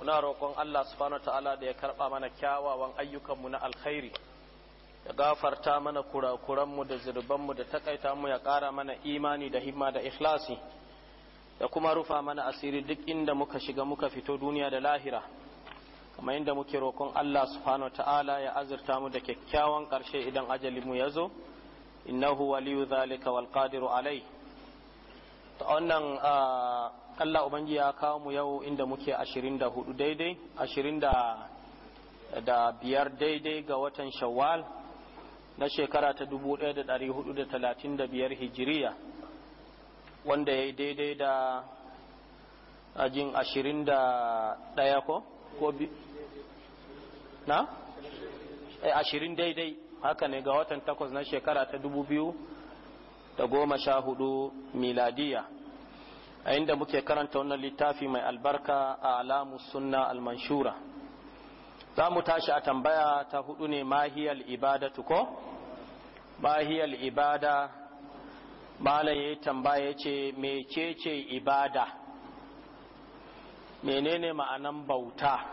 muna roƙon Allah subhanahu ta'ala da ya karɓa mana kyawawan ayyukanmu na alkhairi ya gafarta mana kurakuranmu da zurbanmu da takaita mu ya ƙara mana imani da himma da ikhlasi da kuma rufa mana asiri duk inda muka shiga muka fito duniya da lahira kamar inda muke roƙon Allah subhanahu ta'ala ya azurta mu da kyakkyawan ƙarshe idan ajalinmu ya zo innahu waliyu zalika wal qadiru alai ta wannan ah, Allah ubangi ya kawo mu yau inda muke 24 daidai 20 da biyar daidai ga watan shawwal na shekara ta 1435 hijiriya wanda ya yi daidai da ajin 21 ko? ko bi na? Eh, ai 20 daidai haka ne ga watan takwas na shekara ta 2014 miladiya a inda muke karanta wannan littafi mai albarka a alamu sunna almanshura za mu tashi a tambaya ta hudu ne mahiyal ibada ko mahiyal ibada malam ya yi tambaya ce mecece ibada menene ma'anan bauta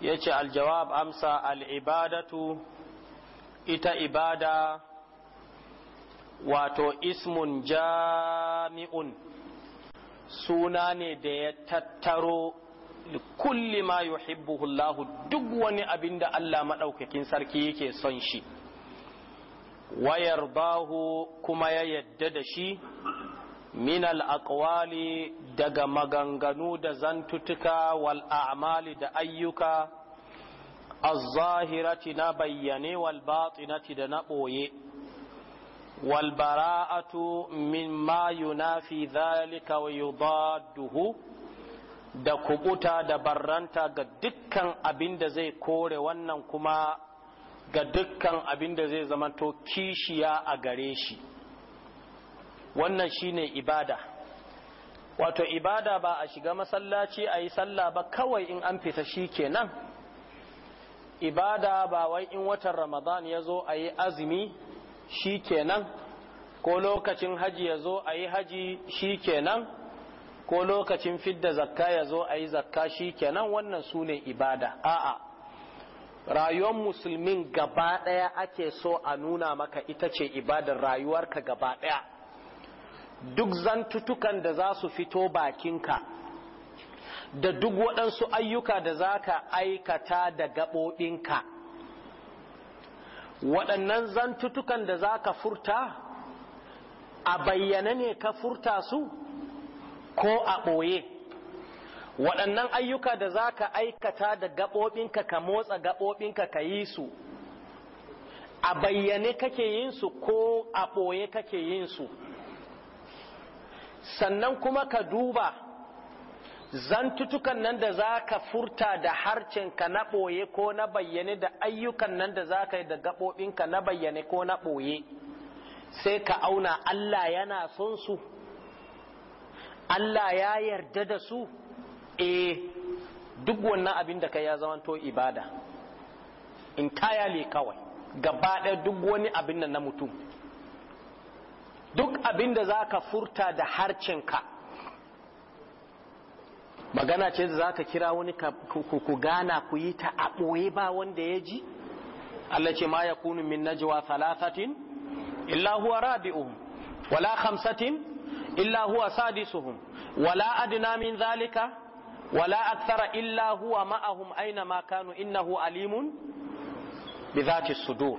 ya ce aljawab amsa al'ibadatu ita ibada wato ismun jami'un suna ne da ya tattaro kulli ma Hibbu Hullahu duk wani abin da Allah maɗaukakin sarki yake son shi wayar bahu kuma ya yadda da shi minal aqwali daga maganganu da zantutuka wal a'mali da ayyuka az-zahirati na bayyane wal batinati da na ɓoye والبراءة مما ينافي ذلك ويضاده da kubuta da barranta ga dukkan abin da zai kore wannan kuma ga dukkan abin da zai zamanto kishiya a gare shi wannan shine ibada wato ibada ba a shiga masallaci a yi sallah ba kawai in an fita shi kenan ibada ba wai in watan ramadan ya zo a yi azumi shi kenan ko lokacin haji ya zo a yi haji shi kenan ko lokacin fidda zakka ya zo a yi zakka shi kenan wannan su ne ibada a'a rayuwar musulmin gaba ɗaya ake so a nuna maka ita ce ibadar rayuwarka gaba ɗaya duk zantutukan da za su fito bakinka da duk waɗansu ayyuka da za ka aikata da gaɓoɓinka waɗannan zantutukan da za ka furta a bayyane ne ka furta su ko a ɓoye waɗannan ayyuka da za ka aikata da gaɓoɓinka ka motsa gaɓoɓinka ka yi su a bayyane kake yin su ko a ɓoye kake yin su sannan kuma ka duba zantutukan nan da za ka furta da harcenka na ɓoye ko na bayyane da ayyukan nan da za ka yi da gaɓoɓinka na bayyane ko na ɓoye sai ka auna Allah yana son su Allah ya yarda da su e duk wannan abin da ka ya zamanto ibada In le kawai gaba ɗaya duk wani abin nan na mutum duk abin da za ka furta da harcenka magana ce za ka kira wani ku gana ku yi ta a ɓoye ba wanda ya ji Allah ce ma ya kunu min najwa thalathatin illa huwa rabi'uhum wala khamsatin illa huwa sadisuhum wala adna min zalika wala akthara illa huwa ma'ahum aina ma kanu innahu alimun bi dhati sudur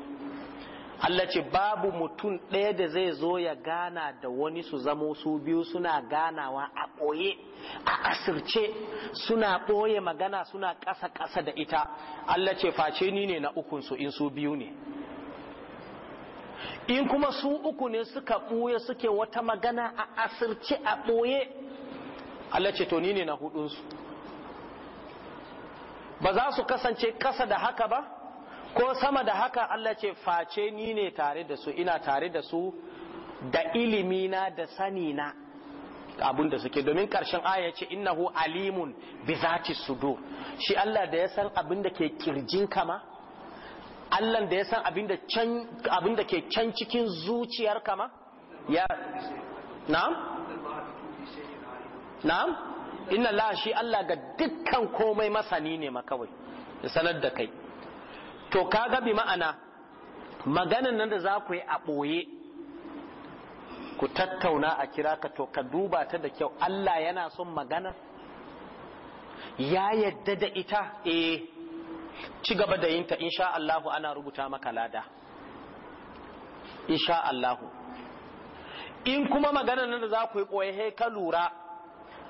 Allah ce babu mutum ɗaya da zai zo ya gana da wani su zamo su biyu suna ganawa a ɓoye a asirce suna ɓoye magana suna ƙasa-ƙasa da ita Allah ce face ni ne na ukun su in su biyu ne in kuma su uku ne suka ɓoye suke wata magana a asirce a ɓoye Allah ce to ni ne na hudunsu ba za su kasance ƙasa da haka ba ko sama da haka Allah ce face ni ne tare da su ina tare da su da ilimina da sanina abun da suke domin karshen aya ce innahu alimun bi zati sudur shi Allah da ya san abin da ke kirjin kama Allah da ya san abin da can abin da ke can cikin zuciyar kama ya na'am na'am inna la shi Allah ga dukkan komai masani ne ma kawai sanar da kai to kaga bi ma'ana maganan nan da za ku yi a ɓoye ku tattauna a kira ka to ka duba ta da kyau Allah yana son magana ya yadda da ita eh ci gaba da yinta insha Allahu ana rubuta maka lada insha Allahu in kuma maganar nan da za ku yi ka lura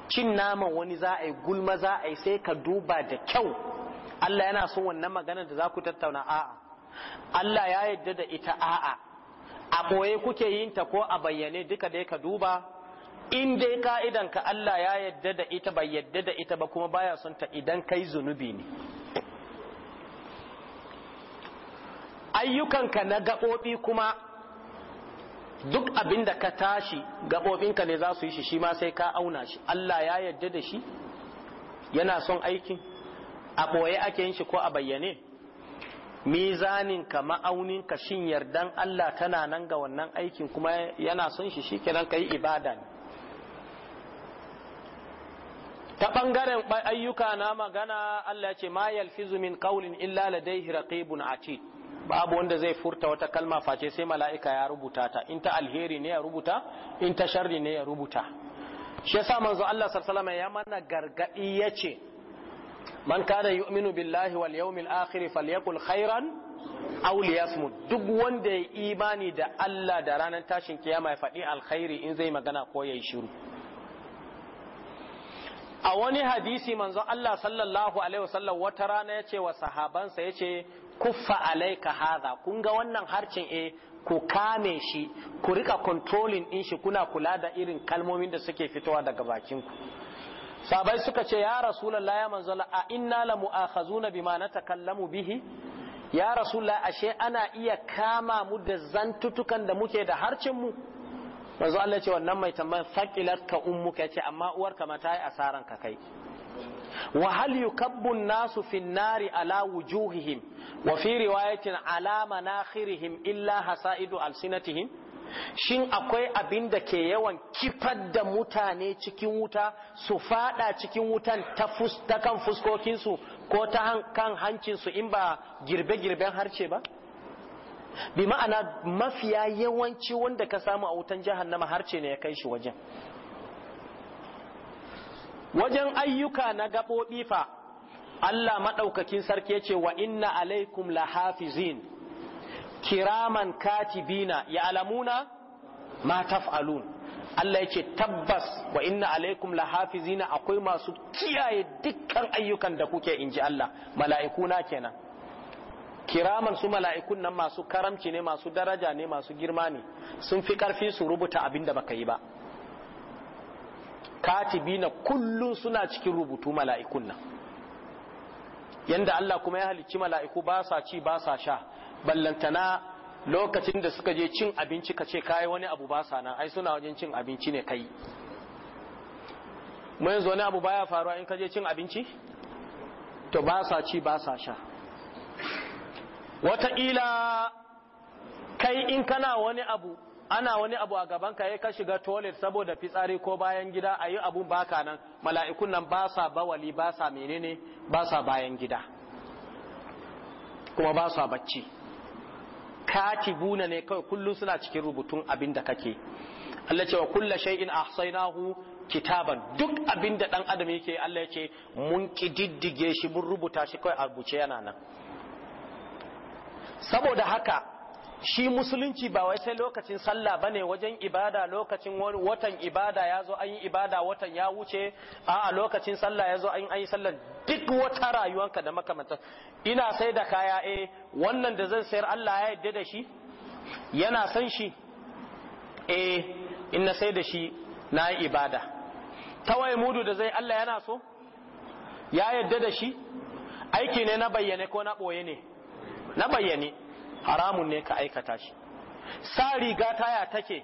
cin naman wani za a yi gulma za a yi sai ka duba da kyau Allah yana son wannan magana da za ku tattauna a'a Allah ya yadda da ita a'a a ɓoye kuke yin ta ko a bayyane duka dai ka duba in dai ka'idan ka Allah ya yadda da ita bai yadda da ita ba kuma baya son ta idan kai zunubi ne ayyukanka na gaɓoɓi kuma duk abin da ka tashi gaɓoɓinka ne za su yi shi shi ma sai ka auna shi Allah ya yadda da shi yana son aikin a ɓoye ake yin shi ko a bayyane mizanin ka ma'aunin ka shin yardan Allah tana nan ga wannan aikin kuma yana son shi shikenan yi ibada ne ta ɓangaren ayyuka na magana Allah ce ma yalfizu min qawlin illa ladayhi raqibun atid babu wanda zai furta wata kalma face sai mala'ika ya rubuta ta in ta alheri ne ya rubuta in ta sharri ne ya rubuta shi yasa manzo Allah sallallahu ya mana gargadi yace man kana yu'minu billahi wal yawmil akhir falyakul khairan aw liyasmut duk wanda ya imani da Allah da ranar tashin kiyama ya faɗi alkhairi in zai magana ko yayi shiru a wani hadisi manzo Allah sallallahu alaihi wasallam wata rana ya ce wa sahabansa ya ce kuffa alaika hadha kun ga wannan harcin eh ku kame shi ku rika controlling din shi kuna kula da irin kalmomin da suke fitowa daga bakin ku sabai suka ce ya rasulullah ya manzala a inna la mu'akhazuna bima natakallamu bihi ya rasulullah ashe ana iya kama mu da zantutukan da muke da harcin mu manzo Allah ce wannan mai tambayar faqilat ka ummuka yace amma uwarka ma ta yi asaran ka kai wa hal yukabbu nasu fi nari ala wujuhihim wa fi riwayatin ala manakhirihim illa hasaidu alsinatihim shin akwai abin da ke yawan kifar da mutane cikin wuta su fada cikin wutan ta kan fuskokinsu ko ta kan hancinsu in ba girbe-girben harce ba bi ma'ana mafiya yawanci wanda ka samu a wutan jahannama harce ne ya kai shi wajen wajen ayyuka na gaɓoɓi fa Allah maɗaukakin sarki ya ce wa inna alaikum lahafizin kiraman katibina ya alamuna ma taf'alun Allah yake tabbas wa inna alaikum lahafizina akwai masu kiyaye dukkan ayyukan da kuke inji Allah mala'ikuna kenan kiraman su mala'ikun nan masu karamci ne masu daraja ne masu girma ne sun fi karfi su rubuta abin da baka yi ba katibina kullum suna cikin rubutu mala'ikun nan yanda Allah kuma ya halicci mala'iku ba sa ci ba sa sha ballantana lokacin da suka je cin abinci ka ce kayi wani abu ba sana nan ai suna wajen cin abinci ne kai mu yanzu wani abu baya faruwa in ka je cin abinci to ba sa ci ba sa sha wataƙila kai in kana wani abu ana wani abu a gaban ka ka shiga toilet saboda fitsari ko bayan gida a yi abun baka nan mala'ikun nan ba sa bawali ba sa menene ba sa bayan gida kuma ba sa bacci katibuna ne kawai kullum suna cikin rubutun abin da kake Allah cewa kulla shay'in ahsaynahu kitaban duk abin da dan adam yake Allah ya ce mun kididdige shi mun rubuta shi kawai a rubuce yana nan saboda haka shi musulunci ba wai sai lokacin sallah ne wajen ibada lokacin watan ibada ya zo an yi ibada watan ya wuce a lokacin sallah ya zo an yi sallah duk wata rayuwanka da makamanta ina sai da kaya eh, wannan da zan sayar Allah ya yadda da shi yana san shi eh na sai da shi na yi ibada tawaye mudu da zai Allah yana so ya yadda da shi aiki ne na bayyane ko na ɓoye ne na bayyane haramun ne ka aikata shi sa riga taya take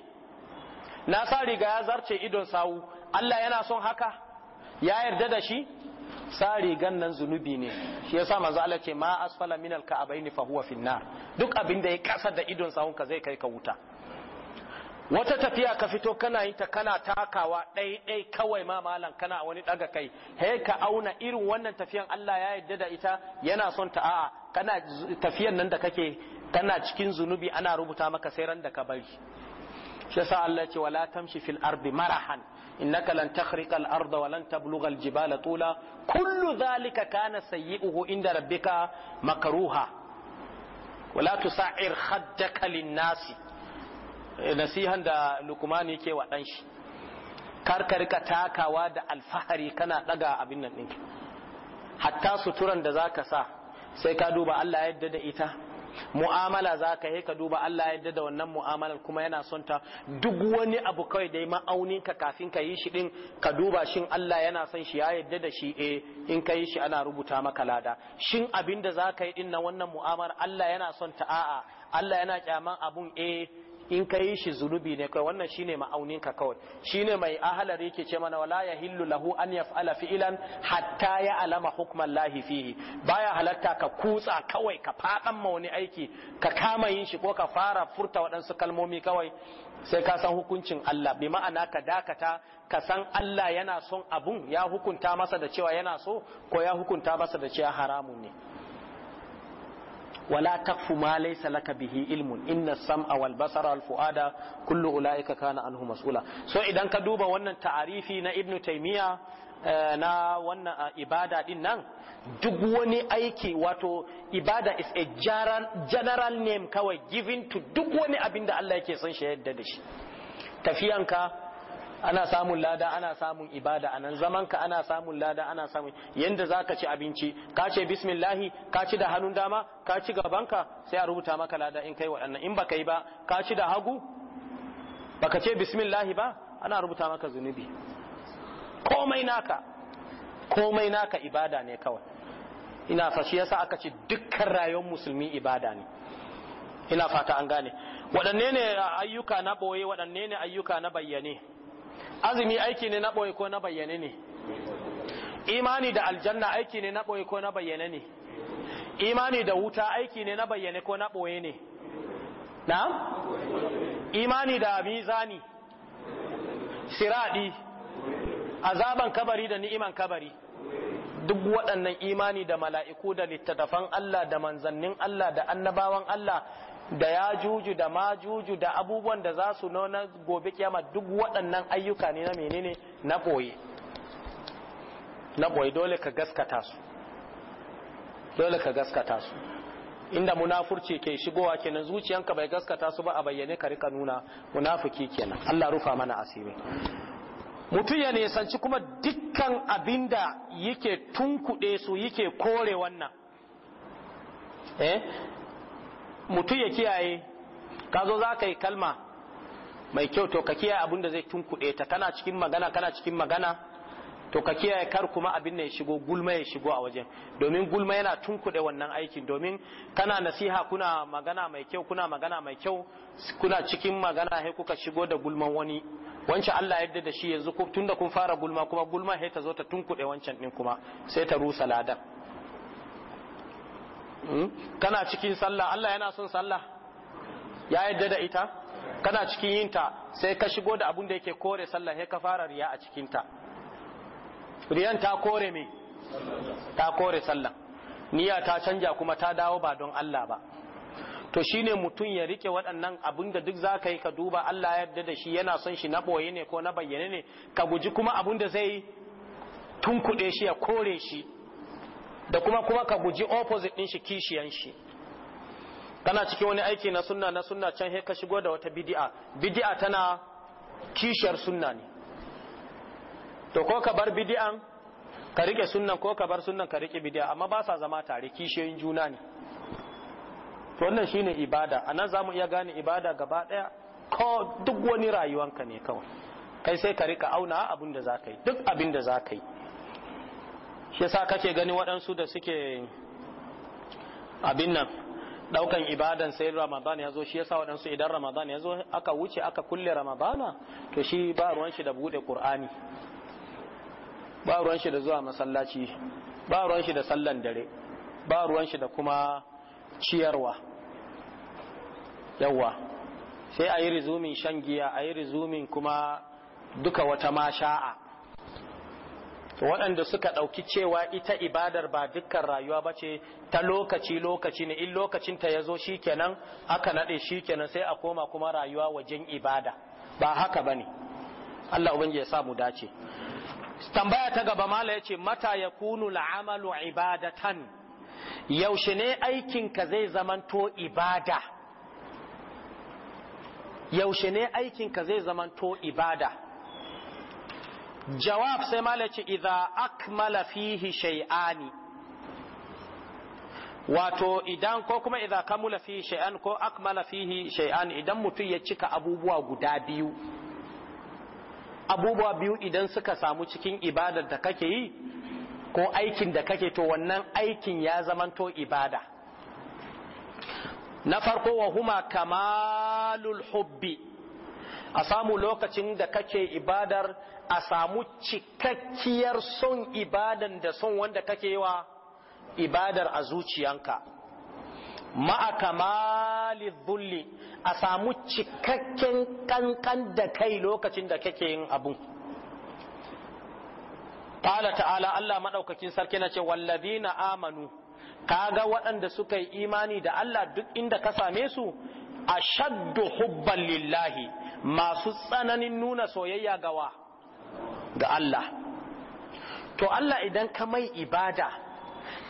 na sa riga ya zarce idon sawu Allah yana son haka ya yarda da shi sa rigan nan zunubi ne shi yasa manzo Allah ce ma asfala min alka'abaini fa huwa nar duk abin da ya kasa da idon sawun ka zai kai ka wuta wata tafiya ka fito kana yin ta kana takawa ɗai kawai ma malam kana wani daga kai he ka auna irin wannan tafiyan Allah ya yarda da ita yana son ta a'a kana tafiyan nan da kake kana cikin zunubi ana rubuta maka sai ran da ka bari shi yasa Allah ce wala tamshi fil ardi marahan innaka lan takhriqa al arda wa lan tablugha al jibala tula kullu dhalika kana sayyi'uhu inda rabbika makruha wala tusa'ir khaddaka lin nasi nasihan da lukman yake wa dan shi kar ka rika takawa da alfahari kana daga abin nan ɗinki hatta suturan da zaka sa sai ka duba Allah yadda da ita mu'amala za ka yi ka duba Allah yadda da wannan mu'amalar kuma yana son ta duk wani abu kawai dai ma'aunin ka kafin ka yi shi din ka duba shin Allah yana son shi ya yadda da shi e in ka yi shi ana rubuta maka lada shin abin da za ka yi din na wannan mu'amalar Allah yana son ta a'a Allah yana kyaman abun eh in ka yi shi zunubi ne kai wannan shine ma'aunin ka kawai shine mai ahalar yake ce mana wala ya yahillu lahu an yaf'ala fi'lan hatta ya alama hukman lahi fihi baya halatta ka kutsa kawai ka fadan ma wani aiki ka kama yin shi ko ka fara furta waɗansu kalmomi kawai sai ka san hukuncin Allah bi ma'ana ka dakata ka san Allah yana son abun ya hukunta masa da cewa yana so ko ya hukunta masa da cewa haramun ne wala taqfu ma laysa bihi ilmun inna sam'a wal basara wal fuada kullu ulaika kana anhu mas'ula so idan ka duba wannan ta'arifi na ibnu taymiya eh, na wannan eh, ibada din nan duk wani aiki wato ibada is a general name kawai given to duk wani abin da Allah yake son shi yadda da shi tafiyanka ana samun lada ana samun ibada a nan zaman ka ana samun lada ana samun yadda za ka ci abinci ka ce bismillahi ka ci da hannun dama ka ci gabanka sai a rubuta maka lada in kai waɗannan in baka yi ba ka ci da hagu Ba ka ce bismillahi ba ana rubuta maka zunubi komai naka komai naka ibada ne kawai ina fashi shi yasa aka ce dukkan rayuwar musulmi ibada ne ina fata an gane waɗanne ne ayyuka na ɓoye waɗanne ne ayyuka na bayyane azumi aiki ne na ɓoye ko na bayyane ne imani da aljanna aiki ne na ɓoye ko na bayyane ne imani da wuta aiki ne na bayyane ko na ɓoye ne na imani da mizani siradi azaban kabari da ni'iman kabari duk waɗannan imani da mala'iku da littattafan Allah da manzannin Allah da annabawan Allah da ya juju da ma juju da abubuwan da za su nuna gobe kyama duk waɗannan ayyuka ne na menene na ɓoye na ɓoye dole ka gaskata su dole ka gaskata su inda munafurci ke shigowa kenan zuciyanka bai gaskata su ba a bayyane ka rika nuna munafuki kenan Allah rufa mana asiri mutum ya nisanci kuma dukkan abinda yake tunkuɗe su yake kore wannan eh? mutum ya kiyaye ka zo za ka yi kalma mai kyau to ka kiyaye abin da zai tunkuɗe ta kana cikin magana kana cikin magana to ka kiyaye kar kuma abin da ya shigo gulma ya shigo a wajen domin gulma yana tunkuɗe wannan aikin domin kana nasiha kuna magana mai kyau kuna magana mai kyau kuna cikin magana sai kuka shigo da gulman wani wancan Allah yadda da shi yanzu tunda kun fara gulma kuma gulma sai ta zo ta tunkuɗe wancan din kuma sai ta rusa ladan Hmm? kana cikin sallah Allah yana son sallah ya yadda da ita kana cikin yinta sai ka shigo da abun da yake kore sallah sai ka fara riya a cikinta riyan ta kore me ta kore sallah niyya ta canja kuma ta dawo ba don Allah ba to shine mutum ya rike waɗannan abun da duk zaka yi ka duba Allah ya yarda da shi yana son shi na boye ne ko na bayyane ne ka guji kuma abun da zai tunkuɗe shi ya kore shi da kuma kuma ka guji opposite din shi kishiyan shi kana cikin wani aiki na sunna na sunna can he ka shigo da wata bid'a bid'a tana kishiyar sunna ne to ko ka bar bid'an ka rike sunnan ko ka bar sunnan ka rike bid'a amma ba sa zama tare kishiyoyin juna ne to wannan shine ibada anan zamu iya gane ibada gaba daya ko duk wani rayuwanka ne kawai kai sai ka rika auna abin da za yi duk abinda da za yi shi yasa kake gani waɗansu da suke abin nan ɗaukan ibadan sai ramadan ya zo shi yasa waɗansu idan ramadan ya zo aka wuce aka kulle ramadana to shi ba ruwan shi da bude qur'ani ba ruwan shi da zuwa masallaci ba ruwan shi da sallan dare ba ruwan shi da kuma ciyarwa yawa sai a yi rizumin shan giya a yi rizumin kuma duka wata masha'a waɗanda suka ɗauki cewa ita ibadar ba dukkan rayuwa ba ce ta lokaci lokaci ne in lokacinta ya zo shi kenan aka naɗe kenan sai a koma kuma rayuwa wajen ibada ba haka ba ne Allah ubangi ya sa dace tambaya ta gaba mala ce mata ya kunu la'amalu ibadatan yaushe ne aikinka zai yaushe ne aikinka zai zamanto ibada jawab sai malaci idza akmala fihi shay'ani wato idan ko kuma idza kamula fihi shay'an ko akmala fihi shay'an idan mutum ya cika abubuwa guda biyu abubuwa biyu idan suka samu cikin ibadar da kake yi ko aikin da kake to wannan aikin ya zamanto ibada na farko wa huma kamalul hubbi a samu lokacin da kake ibadar a samu cikakkiyar son ibadan da son wanda kake yi wa ibadar a zuciyanka ma'a kamali zulli a samu cikakken kankan da kai lokacin da kake yin abu. ta'ala ta'ala Allah maɗaukakin sarki na ce wallazina amanu kaga waɗanda suka yi imani da Allah duk inda ka same su ashaddu hubban lillahi masu tsananin nuna soyayya gawa ga Allah to Allah idan ka mai ibada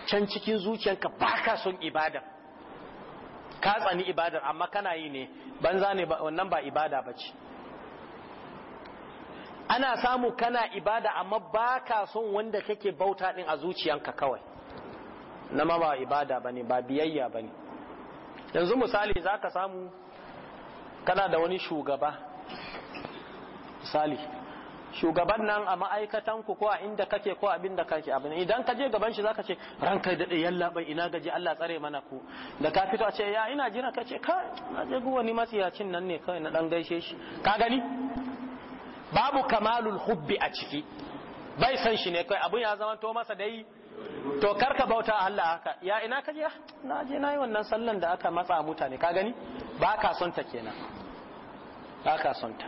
can cikin zuciyanka baka son ibada ka tsani ibada amma kana yi ne banza ne wannan ba ibada bace ana samu kana ibada amma baka son wanda kake bauta din a zuciyanka kawai na ma ba ibada bane ba biyayya bane yanzu misali za ka samu kana da wani shugaba misali shugaban nan a ma'aikatanku ko a inda kake ko abin da kake abin idan ka je gaban shi zaka ce ranka da yalla bai ina gaji Allah tsare mana ku da ka fito a ce ya ina jira ka ce ka na je ni matsiyacin nan ne kai na dan gaishe shi ka gani babu kamalul hubbi a ciki bai san shi ne kai abun ya zama to masa dai to karka bauta Allah haka ya ina kaje ah, na je nayi wannan sallan da aka matsa mutane ka gani ba ka son ta kenan ba ka son ta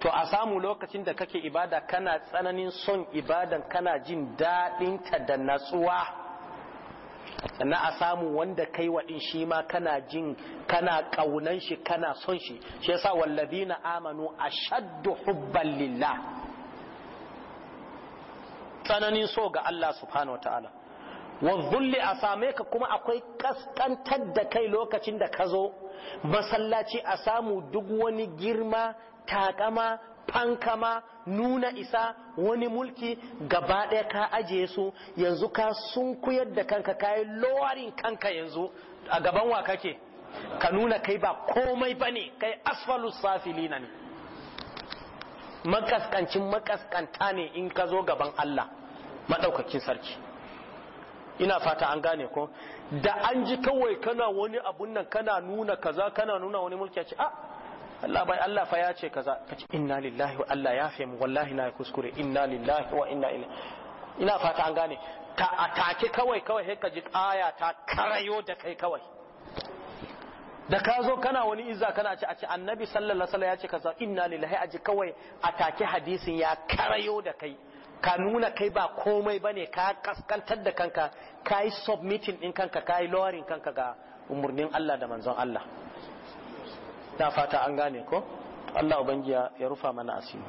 to a samu lokacin da kake ibada kana tsananin son ibadan kana jin daɗin ta da natsuwa sannan a samu wanda kai waɗin shi ma kana jin kana ƙaunan shi kana son shi shi yasa wallazina amanu ashaddu hubban lillah tsananin so ga Allah subhanahu wataala ta'ala a same ka kuma akwai kaskantar da kai lokacin da ka zo masallaci a samu duk wani girma takama fankama nuna isa wani mulki gaba ɗaya ka ajiye su yanzu ka sunkuyar da kanka kayi lowarin kanka yanzu a gaban wa kake ka nuna kai ba komai ba ne kai asfalus na ne makaskancin makaskanta ne in ka zo gaban Allah maɗaukakin sarki ina fata an gane ko da an ji kawai kana wani abun nan kana nuna kaza kana nuna wani mulki a ce a ah, Allah bai Allah fa ya ce kaza ce inna lillahi wa Allah ya fahimu mu wallahi na kuskure inna lillahi wa inna ilaihi ina fata an gane ta atake kawai kawai sai ka ji aya ta karayo da kai kawai da ka zo kana wani izza kana ce a ce annabi sallallahu alaihi wasallam ya ce kaza inna lillahi aji kawai atake hadisin ya karayo da kai ka nuna kai ba komai ba ne ka kaskantar da kanka ka yi submitting ɗin kanka ka yi lowering kanka ga umarnin Allah da manzon Allah na fata an gane ko Allah ubangiya ya rufa mana asiri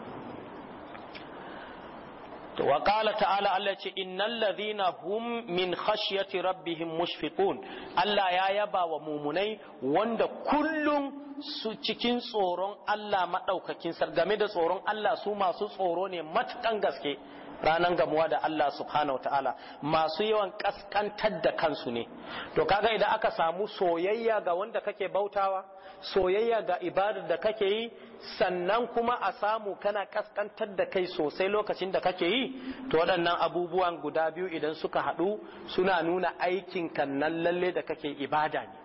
to wa qala ta'ala Allah ce innal ladhina hum min khashyati rabbihim mushfiqun Allah ya yaba wa mumunai wanda kullum su cikin tsoron Allah madaukakin sar da tsoron Allah su masu tsoro ne matukan gaske ranan gamuwa da Allah subhanahu wa ta'ala masu yawan kaskantar da kansu ne to kaga idan aka samu soyayya ga wanda kake bautawa soyayya ga ibadar da kake yi sannan kuma a samu kana kaskantar da kai sosai lokacin da kake yi to waɗannan abubuwan guda biyu idan suka haɗu suna nuna aikin kan nan lalle da kake ibada ne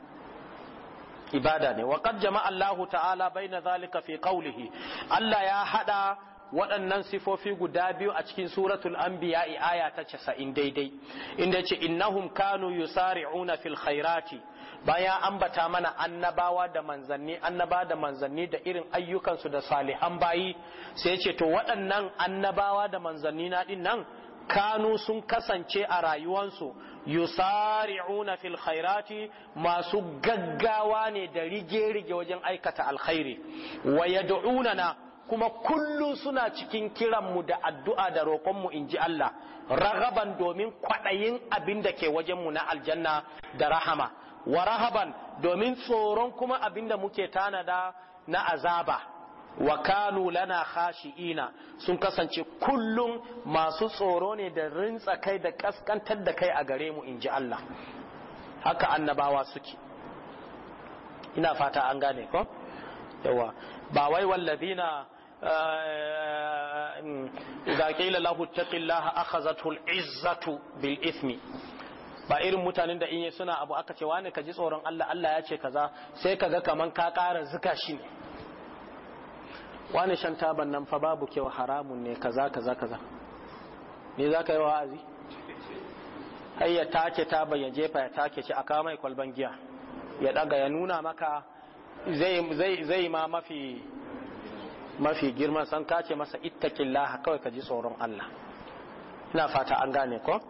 ibada ne wa qad jama'a Allahu ta'ala baina zalika fi qawlihi Allah ya hada waɗannan sifofi guda biyu a cikin suratul anbiya aya ta casa'in daidai inda ce innahum kanu yusari'una fil khairati bayan ambata mana annabawa da manzanni annaba da manzanni da irin ayyukansu da salihan bayi sai ce to waɗannan annabawa da manzanni na ɗin nan kanu sun kasance a rayuwansu yusari'una fil khairati masu gaggawa ne da rige-rige wajen aikata alkhairi wa yad'unana kuma kullum suna cikin kiranmu da addu'a da roƙonmu in ji Allah ragaban domin kwaɗayin abin da ke wajenmu na aljanna da rahama wa rahaban domin tsoron kuma abin da muke tanada na azaba wa kanu lana khashi'ina sun kasance kullum masu tsoro ne da rintsa kai da ƙasƙantar da kai a gare mu in ji Allah haka annabawa suke ina fata an gane ko yawa ba wai wallazina idza qila lahu ittaqillaha akhazathu al-izzatu bil ithmi ba irin mutanen da in yi suna abu aka ce wani ka ji tsoron Allah Allah ya ce kaza sai kaga kaman ka ƙara zuka shi ne wani shan taban nan fa babu kyau haramun ne kaza kaza kaza ne za ka yi wa'azi har ya take taban ya jefa ya take shi a kawo mai kwalban giya ya daga ya nuna maka zai ma mafi mafi girma san kace masa ittaqillah kawai ka ji tsoron Allah ina fata an gane ko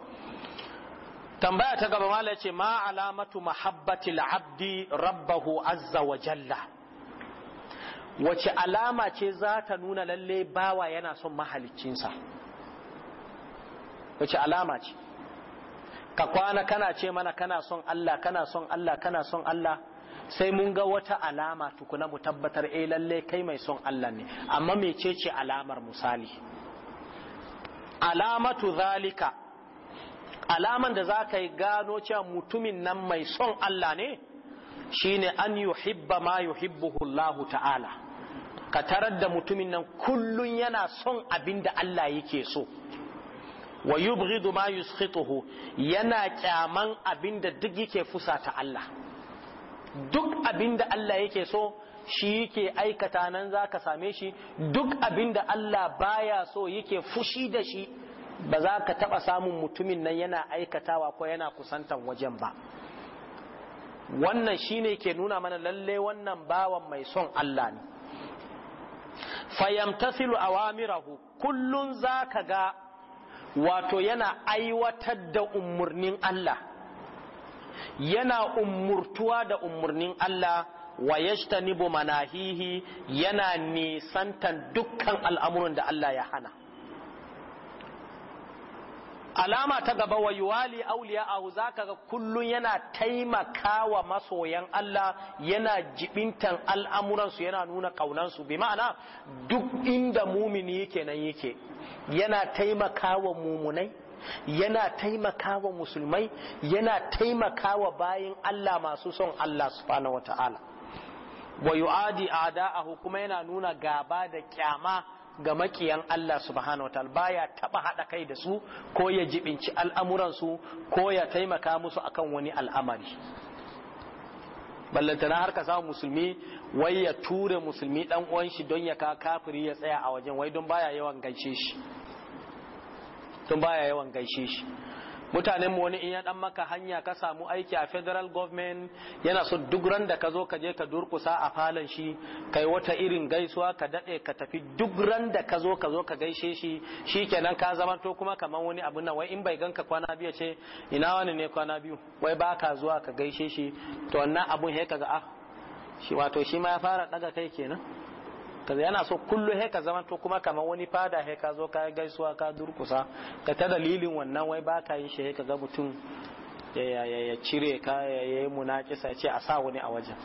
tambaya ta gaba mala ce ma alamatu mahabbati abdi rabbahu azza wa jalla wace alama ce za ta nuna lalle bawa yana son mahaliccinsa wace alama ce ka kwana kana ce mana kana son Allah kana son Allah kana son Allah sai mun ga wata alama tukuna mu tabbatar eh lalle kai mai son Allah ne amma mecece alamar misali alamatu zalika alaman da za ka gano cewa mutumin nan mai son Allah ne shine an yuhibba ma yuhibbuhu Allah ta'ala ka tarar da mutumin nan kullun yana son abin da Allah yake so wa yubghidu ma yuskhituhu yana kyaman abin da duk yake fusata Allah duk abin da Allah yake so shi yake aikata nan za ka same shi duk abin da Allah baya so yake fushi da shi ba za ka taɓa samun mutumin nan yana aikatawa ko yana kusantan wajen ba wannan shine ke nuna mana lalle wannan bawan mai son Allah ne fayamtasilu awamirahu kullun za ka ga wato yana aiwatar da umarnin Allah yana umurtuwa da umurnin Allah wa yajtanibu manahihi yana nisantan dukkan al'amuran da Allah ya hana alama ta gaba wa yuwali auliya ahu zaka ga kullum yana taimakawa masoyan Allah yana jibintan al'amuransu yana nuna ƙaunansu. bi ma'ana duk inda mumini yake nan yake yana taimakawa mumunai yana taimakawa musulmai yana taimakawa bayin Allah masu son Allah subhanahu wata'ala wa yu'adi a'da'ahu kuma yana nuna gaba da kyama ga makiyan Allah subhanahu ta'ala baya taba hada kai da su ko ya jibinci al'amuransu ko ya taimaka musu akan wani al'amari ballantana har ka samu musulmi wai ya ture musulmi dan uwan shi don ya ka kafiri ya tsaya a wajen wai don baya yawan gaishe shi tun baya yawan gaishe shi mutanen mu wani in ya dan maka hanya ka samu aiki a federal government yana so duk ran da ka zo ka je ka durkusa a falon shi kai wata irin gaisuwa ka dade ka tafi duk ran da ka zo ka zo ka gaishe shi shikenan ka zama to kuma kaman wani abu na wai in bai ganka kwana biyu ce ina wani ne kwana biyu wai ba ka zuwa ka gaishe shi to wannan abun he kaga ah shi wato shi ma ya fara daga kai kenan kaza yana so kullu he ka to kuma kamar wani fada he ka zo ka gaisuwa ka durkusa ka ta dalilin wannan wai ba ka yin shi he ka ga mutum ya cire ka ya yi munakisa ce a sa wani a wajen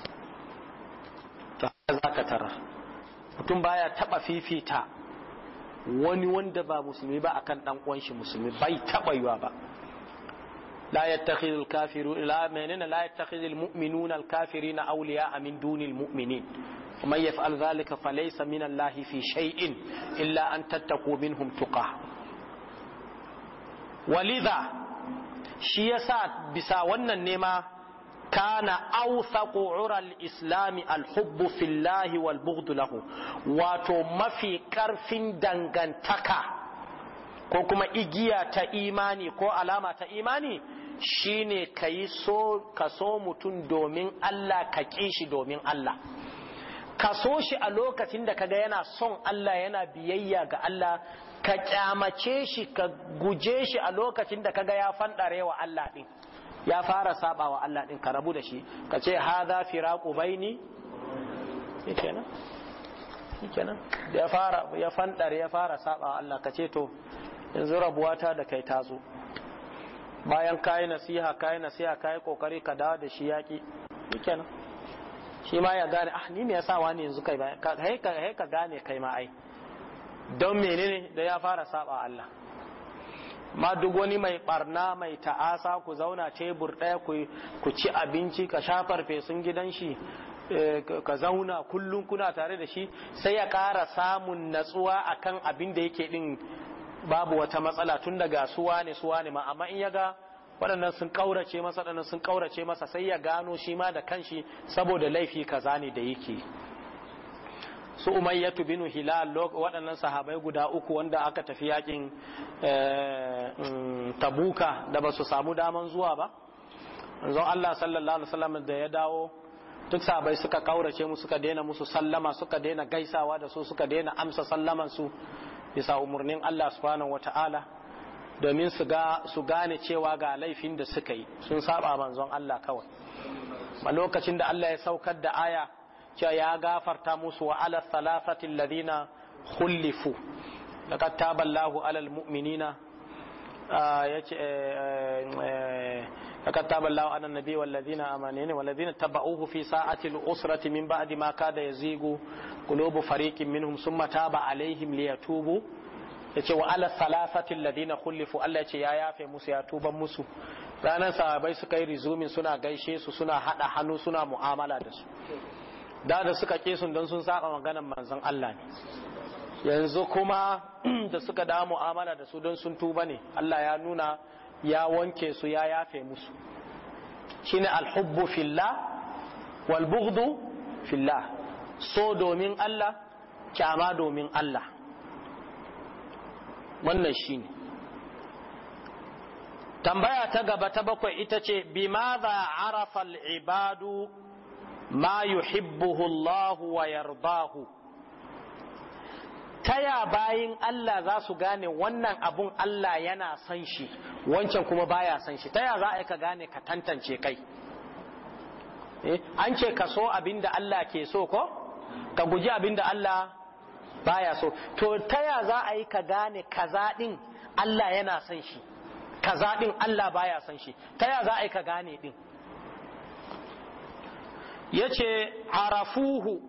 to haka za ka tara mutum baya taba fifita wani wanda ba musulmi ba akan dan uwan shi musulmi bai taba yiwa ba لا يتخذ الكافرون لا من لا يتخذ المؤمنون الكافرين اولياء من دون المؤمنين ومن يفعل ذلك فليس من الله في شيء إلا أن تتقوا منهم تقى ولذا شيسا بسا ونن نما كان أوثق عرى الإسلام الحب في الله والبغض له واتو ما في كرف دنغنتكا ko kuma igiya ta imani ko alama ta imani shine ka so mutum domin Allah ka ƙi shi domin Allah ka so shi a lokacin da kaga yana son Allah yana biyayya ga Allah ka kyamace shi ka guje shi a lokacin da kaga ya fandare wa Allah din ya fara saba wa Allah din ka rabu da shi ka ce hadha firaqu baini ya fara ya fandare ya fara saba wa Allah ka ce to yanzu rabuwata da kai tazo bayan kayi nasiha kayi nasiha kayi kokari ka dawo da shi yaki shi ma ya gane ah ni me yasa wani yanzu kai ba kai ka ka gane kai ma ai don menene da ya fara saba Allah ma duk wani mai barna mai ta'asa ku zauna tebur daya ku ci abinci ka shafar fesun gidan shi eh, ka zauna kullun kuna tare da shi sai ya kara samun natsuwa akan abin da yake din babu wata matsala tun daga suwa ne suwa ne ma amma in ya ga waɗannan sun ƙaurace masa waɗannan sun ƙaurace masa sai ya gano shi ma da kanshi saboda laifi kaza ne da yake su umayyatu binu hilal waɗannan sahabai guda uku wanda aka tafi yakin eh, mm, tabuka da ba su samu daman zuwa ba zan Allah sallallahu alaihi wasallam da ya dawo duk sahabai suka ƙaurace mu suka daina musu sallama suka daina gaisawa da su suka daina amsa sallaman su bisa umurnin Allah subhanahu wataala domin su gane cewa ga laifin da suka yi sun saba manzon Allah kawai a lokacin da Allah ya saukar da aya cewa ya gafarta musu wa ala salafatin ladina khullifu laqad taballahu alal mu'minina yace laqad taballahu ala nabi wal ladina amanu wal ladina tabauhu fi sa'ati al usrati min ba'di ma kada yazigu qulubu fariqin minhum summa taba alaihim liyatubu yace wa ala salafati alladhina kullifu Allah yace ya yafe musu ya tuban musu ranar sahabai suka yi rizumin suna gaishe su suna haɗa hannu suna mu'amala da su da da suka ke sun don sun saka maganar manzon Allah ne yanzu kuma da suka da mu'amala da su don sun tuba ne Allah ya nuna ya wanke su ya yafe musu shine alhubbu fillah wal bughdu fillah so domin Allah kyama domin Allah wannan ne tambaya ta gaba ta bakwai ita ce bimadha arafa al’ibadu ibadu ma yuhibbuhullahu Allah wa yardahu taya bayin Allah za su gane wannan abun Allah yana san shi wancan kuma baya san shi ta ya za a ka gane ka tantance kai eh, an ce ka so abin da Allah ke so ko ka guji abin da Allah baya so to taya ya za a yi ka gane kaza din Allah yana son shi kaza din Allah baya son shi taya za a yi ka gane din yace arafuhu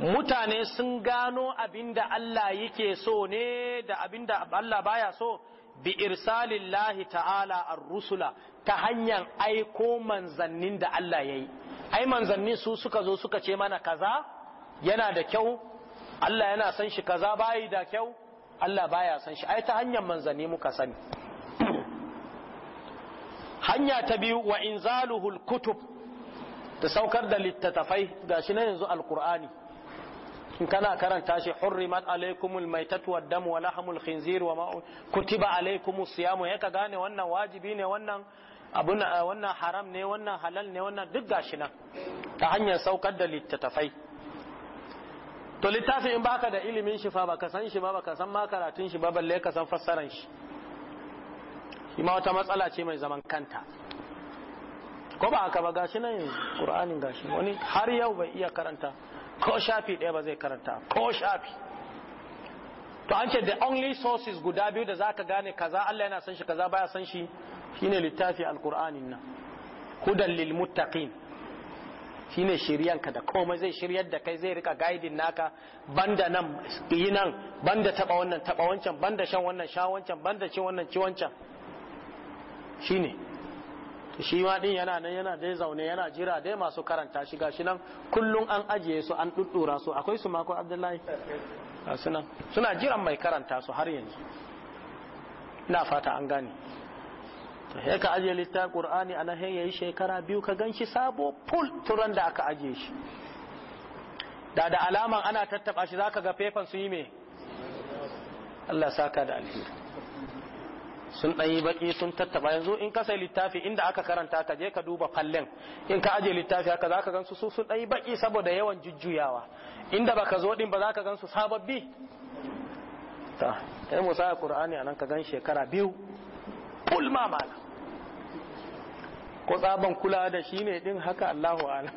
mutane sun gano abinda Allah yake so ne da abinda Allah baya so bi irsalillahi ta'ala ar-rusula ta hanyar aiko manzannin da Allah yayi ai manzanni su suka zo suka ce mana kaza yana da kyau Allah yana san shi kaza bayi da kyau Allah baya san shi ai ta hanyar manzanni muka sani hanya ta biyu wa inzaluhul kutub ta saukar da littattafai gashi na yanzu alqur'ani in kana karanta shi hurrimat alaikumul maitatu wad damu wa lahmul khinzir wa kutiba alaikumus siyam ya ka gane wannan wajibi ne wannan wannan haram ne wannan halal ne wannan duk gashi nan ta hanyar saukar da littattafai to littafin in baka da ilimin shi fa baka san shi ba baka san ma karatun shi ba balle ka san fassaran shi shi ma wata matsala ce mai zaman kanta ko ba haka ba gashi nan qur'anin gashi wani har yau bai iya karanta ko shafi ɗaya ba zai karanta ko shafi to an ce the only sources guda biyu da zaka gane kaza Allah yana san shi kaza baya san shi shine littafi alqur'anin nan hudan lil muttaqin shine shiryanka da komai zai shiryar da kai zai rika guiding naka banda nan yi nan banda taba wannan taba wancan banda shan wannan sha wancan banda ci wannan ci wancan shine shi ma din yana nan yana dai zaune yana jira dai masu karanta shi gashi nan kullum an ajiye su an duddura su akwai su mako abdullahi suna jiran mai karanta su har yanzu ina fata an gane sai ka ajiye littafin qur'ani a nan yayi shekara biyu ka ganshi sabo full turan da aka ajiye shi da da alaman ana tattaba shi zaka ga fefan su yi me Allah saka da alheri sun dai baki sun tattaba yanzu in ka sai littafi inda aka karanta ka je ka duba fallen in ka aje littafi haka zaka gansu su sun dai baki saboda yawan jujjuyawa inda baka zo din ba zaka gansu sababbi ta kai musa qur'ani anan ka gan shekara biyu kul ma mana ko tsaban kula da shi ne din haka Allahu ala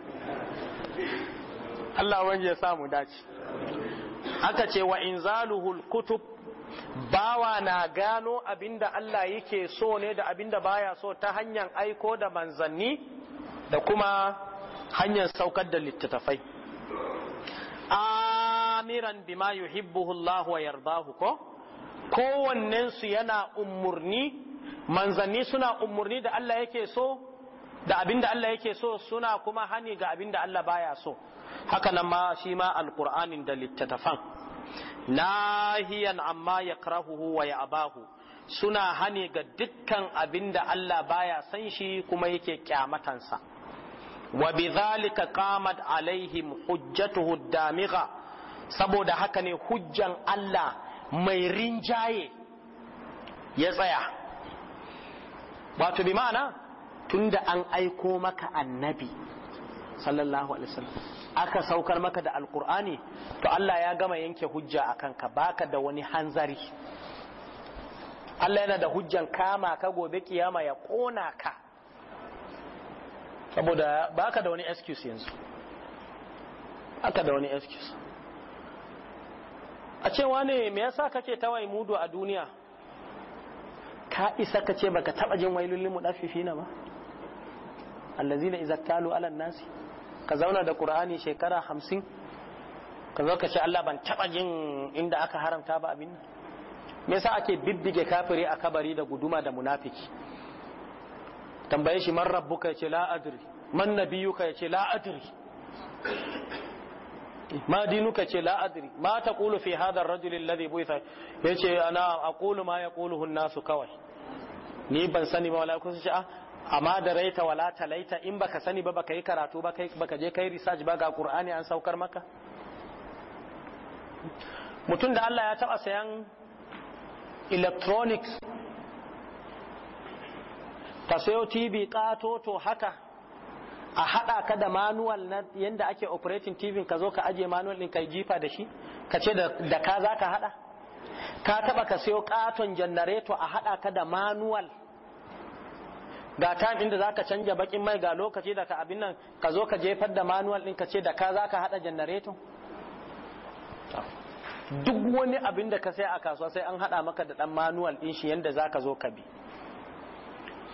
Allah wanje ya samu dace aka ce wa inzaluhul kutub bawa na gano abinda Allah yake so ne da abinda baya so ta hanyar aiko da manzanni da kuma hanyar saukar da littattafai amiran bima yuhibbuhu Allah wa yardahu ko kowannen su yana umurni manzanni suna umarni da Allah yake so da abin da Allah yake so suna kuma hani ga abin da Allah baya so haka nan ma shi ma alqur'anin da littattafan nahiyan amma yakrahuhu wa ya'bahu suna hani ga dukkan abin da Allah baya san shi kuma yake kyamatansa wa zalika qamat alaihim hujjatuhu damiga saboda haka ne hujjan Allah mai rinjaye ya tsaya wato bi ma'ana tunda an aiko maka annabi sallallahu alaihi wasallam aka saukar maka da alqur'ani to Allah ya gama yanke hujja a kanka baka da wani hanzari Allah yana da hujjan kama ka gobe kiyama ya kona ka saboda baka da wani excuse yanzu aka da wani excuse a cewa ne me yasa kake tawai mudu a duniya ka isa ka ce baka taba jin wailul lil mudaffifina ba allazina idza talu ala nasi ka zauna da qur'ani shekara 50 ka zo ka ce Allah ban taba jin inda aka haramta ba abin me yasa ake bibbige kafiri a kabari da guduma da munafiki tambaye shi man rabbuka yace la adri man nabiyuka yace la adri ma dinuka ce la adri ma taqulu fi hadha ar-rajul alladhi buitha yace ana aqulu ma yaquluhu an-nasu kawai ni ban sani ba wala kusa sha'a amma da raita wala talaita in baka sani ba baka yi karatu ba kai baka je kai research ba ga qur'ani an saukar maka mutum da Allah ya taba sayan electronics ka sayo tv to haka a hada ka da manual na yanda ake operating tv ka zo ka aje manual din kai jifa da shi ka ce da ka za hada ka taba ka sayo katon janareto a hada ka da manual ga time inda zaka canja bakin mai ga lokaci da ka abin nan ka zo ka jefar da manual din ka ce da ka zaka hada janareto duk wani abin da ka sai a kasuwa sai an hada maka da dan manual din shi yanda zaka zo ka bi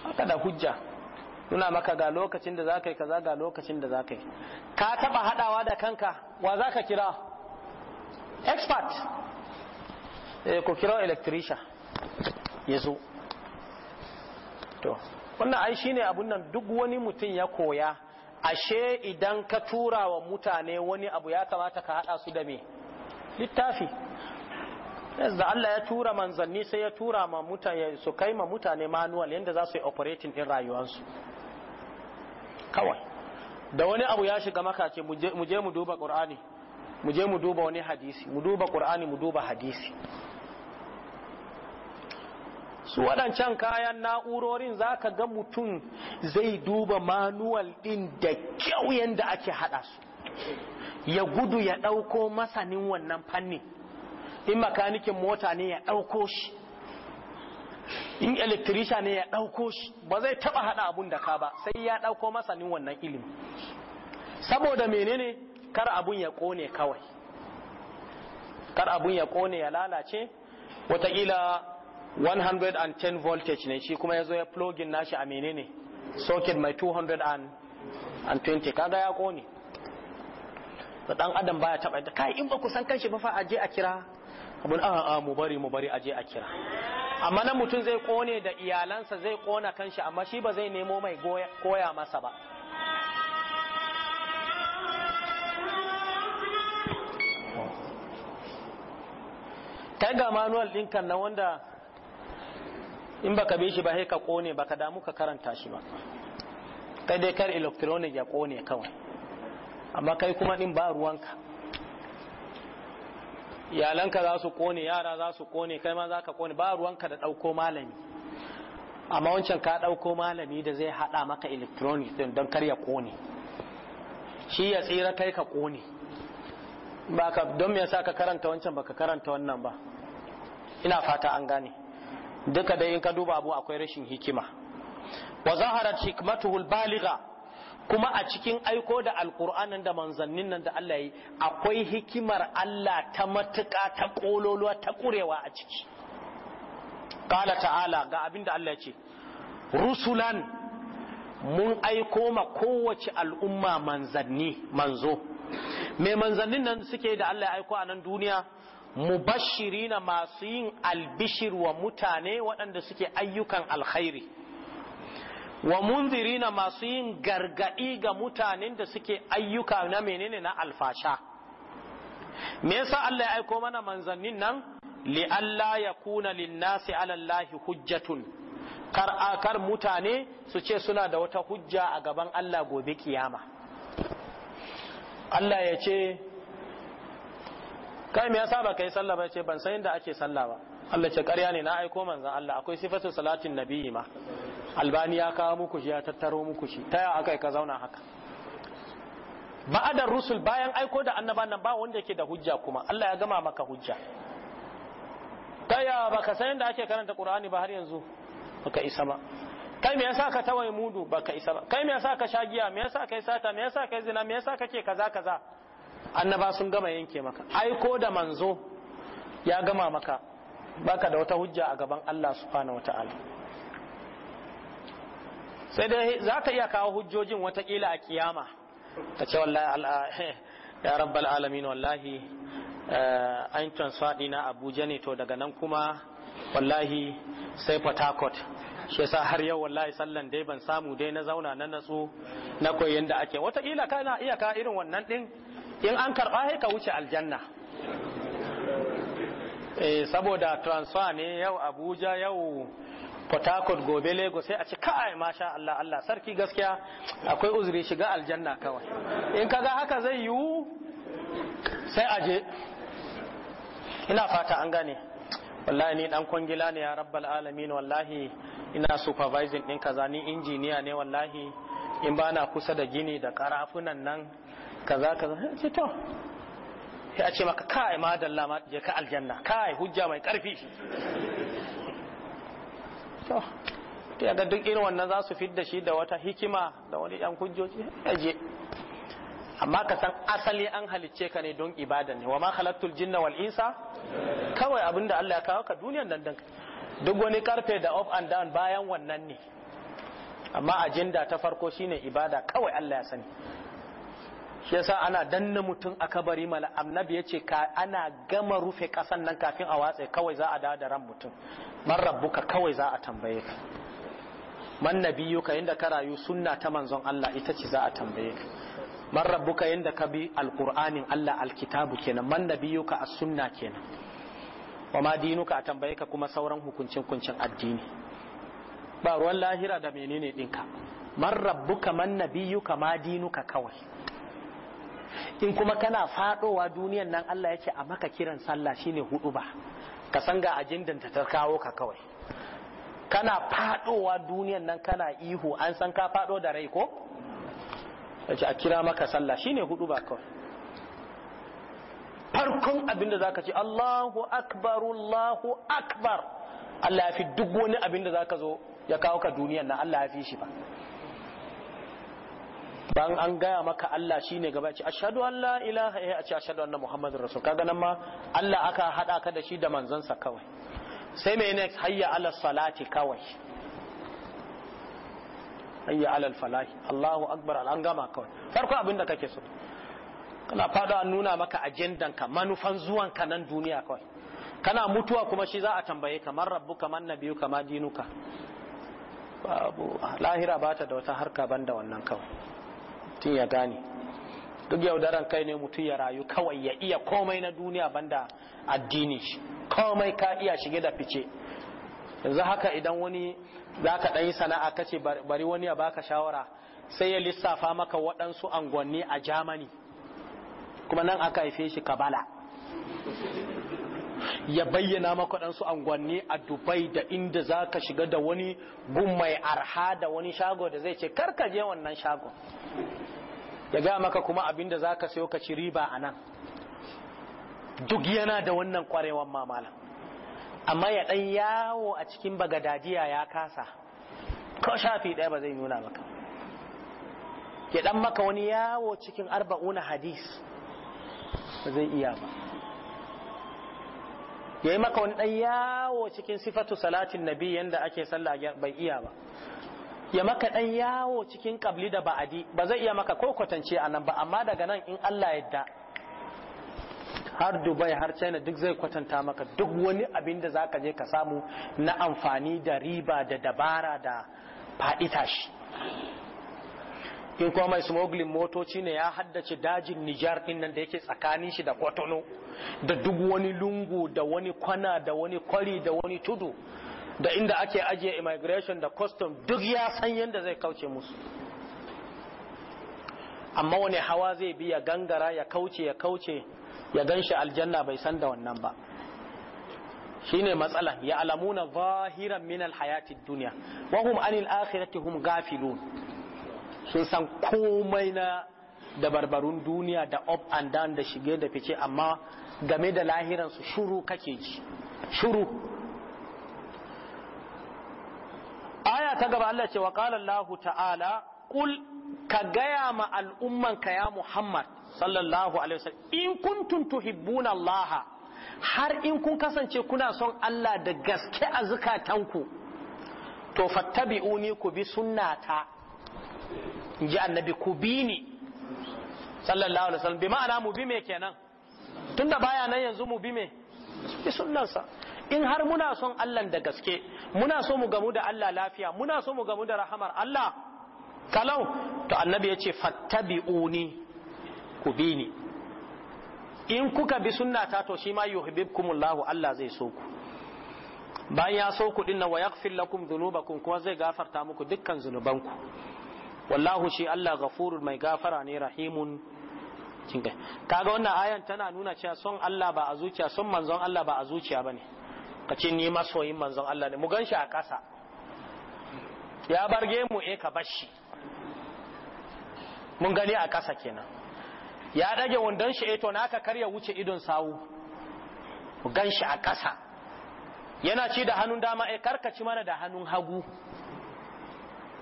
haka da hujja nuna maka ga lokacin da zaka yi kaza ga lokacin da zaka yi ka taba hadawa da kanka wa zaka kira expert Eh, Ko kira electrician ya zo to wannan ai shine abun nan duk wani mutum ya koya ashe idan ka tura wa mutane wani abu ya kamata ka hada su da me littafi da Allah ya tura manzanni sai ya tura ma mutane su kai ma mutane manual yanda za su yi operating din rayuwarsu kawai da wani abu ya shiga maka ce mu je mu duba qur'ani mu je mu duba wani hadisi mu duba qur'ani mu duba hadisi su waɗancan kayan na'urorin za ka ga mutum zai duba manuwal ɗin da kyau yadda ake haɗa su ya gudu ya ɗauko masanin wannan fanni in makanikin mota ne ya ɗauko shi in elektirisha ne ya ɗauko shi ba zai taɓa haɗa abun da ka ba sai ya ɗauko masanin wannan ilimi saboda menene kar abun ya kone kawai kar abun ya kone ya lalace watakila 110 voltage ne shi kuma ya zo ya plugin nashi a menene socket mai 220 kaga ya kone da dan adam baya taba ita kai in ba ku san kanshi ba fa aje a kira abun a ah, a ah, mu bari mu bari aje a kira amma nan mutum zai kone da iyalansa zai kona kanshi amma shi ba zai nemo mai koya masa ba kai ga manual kan na wanda in baka bi shi ba sai ka kone baka damu ka karanta shi ba kai dai kar electronic ya kone kawai amma kai kuma din ba ruwanka iyalanka za su kone yara za su kone kai ma za ka kone ba ruwanka da ɗauko malami amma wancan ka ɗauko malami da zai haɗa maka electronic din don kar ya kone shi ya tsira kai ka kone ba ka don me yasa ka karanta wancan baka karanta wannan ba ina fata an gane duka dai in ka duba abu akwai rashin hikima wa zaharat hikmatuhu albaligha kuma a cikin aiko da alkur'anin da manzannin nan da Allah yi akwai hikimar Allah ta matuƙa ta kololuwa ta ƙurewa a ciki qala ta'ala ga abinda da Allah ya ce rusulan mun aiko ma kowace al'umma manzanni manzo mai manzannin nan suke da Allah ya aiko a nan duniya mubashirina masu yin albishir wa mutane waɗanda suke ayyukan alkhairi wa munzirina masu yin gargaɗi ga mutanen da suke ayyuka na menene na alfasha me yasa Allah ya aiko mana manzannin nan li alla yakuna linnasi ala Allahi hujjatun kar akar mutane su ce suna da wata hujja a gaban Allah gobe kiyama Allah ya ce kai me yasa ba kai sallah ba ce ban san inda ake sallah ba Allah ce ƙarya ne na aiko manzon Allah akwai sifatu salatin nabiyyi ma albani ya kawo muku shi ya tattaro muku shi taya akai ka zauna haka ba'adar rusul bayan aiko da annaban nan ba wanda yake da hujja kuma Allah ya gama maka hujja taya baka san inda ake karanta qur'ani ba har yanzu baka isa ba kai me yasa ka tawaye mudu baka isa ba kai me yasa ka shagiya me yasa kai sata me yasa kai zina me yasa kake kaza kaza annaba sun gama yanke maka ko da manzo ya gama maka baka da wata hujja a gaban Allah subhanahu wata'ala sai dai za ka iya kawo hujjojin watakila a kiyama ta ce wallahi ya rabbal alamin wallahi eh, an transfer dina abuja ne to daga nan kuma wallahi sai port harcourt shi sa har yau wallahi sallan dai ban samu dai na zauna na natsu na koyin yanda ake watakila kana iya ka irin wannan din in an karɓa ka wuce aljanna eh saboda transfer ne yau abuja yau port gobe lagos sai a ci kai masha allah allah sarki gaskiya akwai uzuri shiga aljanna kawai in ka ga haka zai yiwu sai aje ina fata an gane wallahi ni dan kwangila ne ya rabbal alamin wallahi ina supervising din kaza ni injiniya ne wallahi in ba na kusa da gini da karafunan nan kaza kaza ce to sai a ce maka kai ma dalla ma je ka aljanna kai hujja mai karfi to to ga duk irin wannan za su fidda shi da wata hikima da wani yan hujjoji aje amma ka san asali an halicce ka ne don ibada ne wa ma khalaqtul jinna wal insa kawai abinda Allah ya kawo ka duniyar nan dan duk wani karfe da up and down bayan wannan ne amma ajinda ta farko shine ibada kawai Allah ya sani shi yasa ana danna mutum a kabari mala annabi yace ka ana gama rufe kasan nan kafin a watse kawai za a dawo da ran mutum man rabbuka kawai za a tambaye ka man nabiyuka inda ka rayu sunna ta manzon Allah ita ce za a tambaye ka man rabbuka inda ka bi alqur'anin Allah alkitabu kenan man nabiyuka as-sunna kenan wa ma dinuka a tambaye ka kuma sauran hukuncin kuncin addini ba ruwan lahira da menene dinka man rabbuka man nabiyuka ma dinuka kawai in kuma kana fadowa duniyan nan Allah ya ce a maka kiran sallah shine hudu ba ka san ga ajindan ta ta kawo ka kawai kana fadowa duniyan nan kana ihu an san ka fado da rai ko yace a kira maka sallah shine hudu ba kawai farkon abinda zaka ce Allahu akbar Allahu akbar Allah ya fi duk wani abinda zaka zo ya kawo ka duniyan nan Allah ya fi shi ba dan an gaya maka Allah shine gaba ce ashhadu an la ilaha illa a ce ashhadu anna muhammadur rasul kaga nan ma Allah aka hada ka da shi da manzansa kawai sai me next hayya ala salati kawai hayya ala falahi Allahu akbar an gama kawai farko abin da kake so kana fada an nuna maka ajendan ka manufan zuwan ka nan duniya kawai kana mutuwa kuma shi za a tambaye ka man rabbuka man nabiyuka ma dinuka babu lahira bata da wata harka banda wannan kawai mutum ya gane duk yaudaran kai ne mutum ya rayu kawai ya iya komai na duniya banda addini shi komai ka iya shige da fice yanzu haka idan wani za ka ɗan yi sana'a kace bari wani ya baka shawara sai ya lissafa maka waɗansu angonni a jamani kuma nan aka haife shi kabala ya bayyana maka ɗansu angwanni a dubai da inda zaka shiga da wani gun mai arha da wani shago da zai ce karka je wannan shago ya gaya maka kuma abin da za ka sayo ka ci riba a nan duk yana da wannan kwarewan mamala amma ya ɗan yawo a cikin bagadajiya ya kasa ko shafi ɗaya ba zai nuna maka ya ɗan maka wani yawo cikin arba'una hadis ba zai iya ba yayi maka wani dan yawo cikin sifatu salatin nabi yanda ake sallah bai iya ba ya maka dan yawo cikin kabli da ba'adi ba zai iya maka ko kwatance a nan ba amma daga nan in Allah yadda har Dubai har China duk zai kwatanta maka duk wani abin da zaka je ka samu na amfani da riba da dabara da faɗi tashi in kuma mai smuggling motoci ne ya haddace dajin Nijar din nan da yake tsakanin shi da Kwatano da duk wani lungu da wani kwana da wani kwari da wani tudu da inda ake ajiye immigration da custom duk ya san yadda zai kauce musu amma wani hawa zai bi ya gangara ya kauce ya kauce ya ganshi aljanna bai san da wannan ba shine matsala ya alamuna zahiran min alhayatid dunya wa hum anil akhirati hum ghafilun sun san komai na dabarbarun duniya da up and down da shige da fice amma game da lahiransu shuru kake ji shuru aya ta gaba Allah ce wa qala Allah ta'ala kul ka gaya ma al'umman ka ya Muhammad sallallahu alaihi wasallam in kuntum tuhibbuna Allah har in kun kasance kuna son Allah da gaske a zukatanku to fattabi'uni ku bi sunnata in ji annabi ku bi ni sallallahu alaihi wasallam bi ma'ana mu bi me kenan tunda baya nan yanzu mu bi me bi sunnansa in har muna son Allah da gaske muna so mu gamu da Allah lafiya muna so mu gamu da rahamar Allah kalau to annabi ya ce fattabi'uni ku bi ni in kuka bi sunnata to shi ma yuhibbukumullahu Allah zai so ku bayan ya so ku dinna wa yaghfir lakum dhunubakum kuma zai gafarta muku dukkan zunubanku wallahu shi Allah ghafurur mai gafara ne rahimun kinga kaga wannan ayan tana nuna cewa son Allah ba a zuciya son manzon Allah ba a zuciya bane kace ni masoyin manzon Allah ne mu ganshi a ƙasa ya barge mu eh ka bashi mun gani a ƙasa kenan ya dage wandon shi eh to naka karya wuce idon sawu mu ganshi a ƙasa yana ci da hannun dama eh karkaci mana da hannun hagu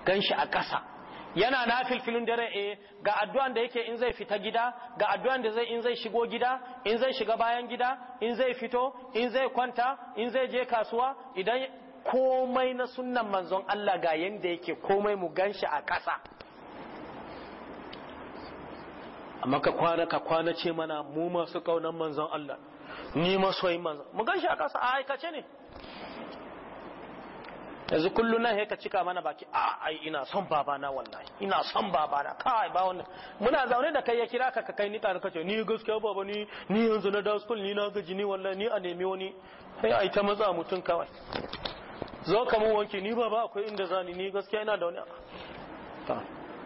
ganshi a ƙasa yana na filfilin dare eh ga addu'an da yake in zai fita gida ga addu'an da zai in zai shigo gida in zai shiga bayan gida in zai fito in zai kwanta in zai je kasuwa idan komai na sunnan manzon Allah ga yanda yake komai mu ganshi a ƙasa amma ka kwana ka kwana ce mana mu masu kaunan manzon Allah ni masoyin manzon mu ganshi a ƙasa a aikace ne yanzu kullum nan ka cika mana baki a ai ina son babana wallahi ina son babana kai ba wannan muna zaune da kai ya kira ka ka kai ni tare ka ce ni gaskiya baba ni ni yanzu na da school ni na gaji ni wallahi ni a nemi wani sai ai ta maza mutun kawai zo ka mun wanke ni baba akwai inda zani ni gaskiya ina da wani